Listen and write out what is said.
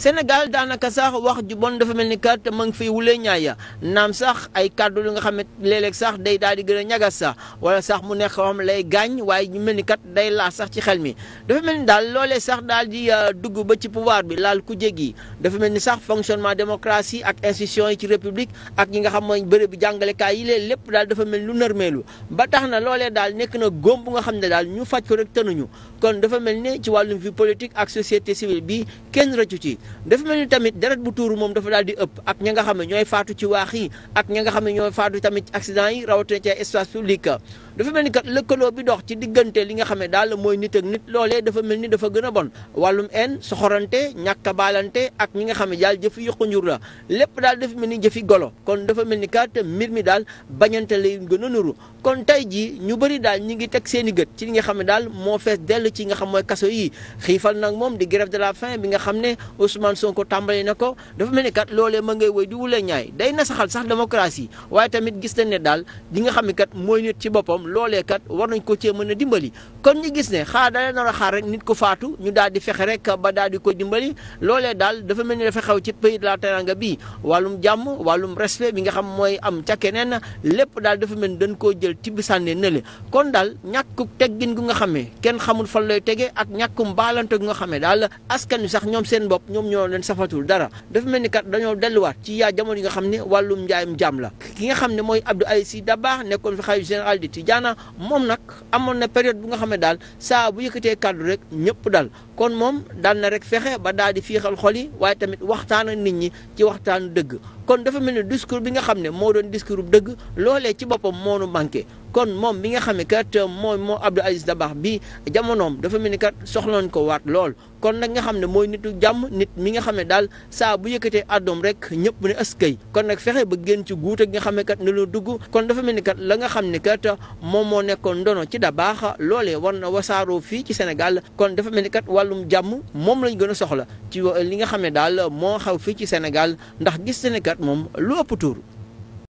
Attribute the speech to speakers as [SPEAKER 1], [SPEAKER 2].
[SPEAKER 1] Sénégal daanaka sax wax ju bon dafa mel ni kat ma ngi fiy ñaay ñaaya naam sax ay kàddu lu nga xam ne léeg sax day daal di gën a ñagas sax wala sax mu nekk xam lay gaañ waaye ñu mel ni kat day laal sax ci xel mi dafa mel ni daal loolee sax daal di euh, dugg ba ci pouvoir bi laal ku jéggi dafa mel ni sax fonctionnement démocratie ak institution yi ci république ak ñi nga xam mooy bërëb bi jàngalekaay yi léeg lépp daal dafa mel lu nërmeelu ba tax na loolee daal nekk na góom bu nga xam ne daal ñu faj ko rek tënuñu kon dafa mel ni ci wàllum vie politique ak société civile bi kenn rëccu ci def nañu tamit deret bu tuuru moom dafa daal di ëpp ak ña nga xam ne ñooy faatu ci waax yi ak ña nga xam ne ñooy faatu tamit accident yi rawatina ci espace public dafa mel ni kat lëkkaloo bi dox ci diggante li nga xam ne daal mooy nit ak nit loolee dafa mel ni dafa gën a bon wàllum en soxorante ñàkk a baalante ak ñi nga xam ne daal jëfi yokku njur la lépp daal dafa mel ni jëfi golo kon dafa mel ni kat mbir mi daal bañante lay gën a nuru kon tey jii ñu bari daal ñi ngi teg seen i gët ci li nga xam ne daal moo fees dell ci nga xam mooy kaso yi xiifal nag moom di grève de la faim bi nga xam ne Ousmane Sonko tàmbali na ko dafa mel ni kat loolee ma ngay woy di wule ñaay day nasaxal sax démocratie waaye tamit gis nañ ne daal li nga xam kat mooy nit ci boppam loolee kat war nañ ko cee mën a dimbali kon ñu gis ne xaar dale nar a xaar rek nit ko faatu ñu daal di fexe rek ba daal di ko dimbali loolee daal dafa mel ni dafa xew ci pays de la Teranga bii wàllum jàmm wàllum respect bi nga xam mooy am ca keneen lépp daal dafa mel ni dañ koo jël ci bisànne na le kon daal ñàkku teggin gu nga xamee kenn xamul fan lay tege ak ñàkkum baalante gu nga xamee daal askan wi sax ñoom seen bopp ñoom ñoo leen safatul dara dafa mel ni kat dañoo delluwaat ci yaa jamono yi nga xam ne wàllum njaayum jaam la ki nga xam ne mooy Abdou ay si Dabakh nekkoon fi xalifa général di Tijaana moom nag amoon na période bu nga xam ne daal saa bu yëkkatee kàddu rek ñëpp dal kon moom daan na rek fexe ba daal di fiixal xol yi waaye tamit waxtaan ak nit ñi ci waxtaan dëgg kon dafa mel ni discours bi nga xam ne moo doon discours bu dëgg loolee ci boppam moo nu manqué kon moom bi nga xam ne kat euh, mooy moo Abdou Aziz Dabakh bi jamonoom dafa mel ni kat soxloon ko waat lool kon nag nga xam ne mooy nitu jàmm nit mi nga xam ne daal saa bu yëkkatee àddoom rek ñëpp ne askay kon nag fexe ba génn ci guut ak nga xam ne kat ne lu dugg kon dafa mel ni kat la nga xam ne kat euh, moom moo nekkoon ndono ci Dabakh loolee war na wasaaroo fii ci Sénégal kon dafa mel ni kat wàllum jàmm moom lañ gën a soxla ci euh, li nga xam ne daal moo xaw fii ci Sénégal ndax gis ne kat moom lu ëpp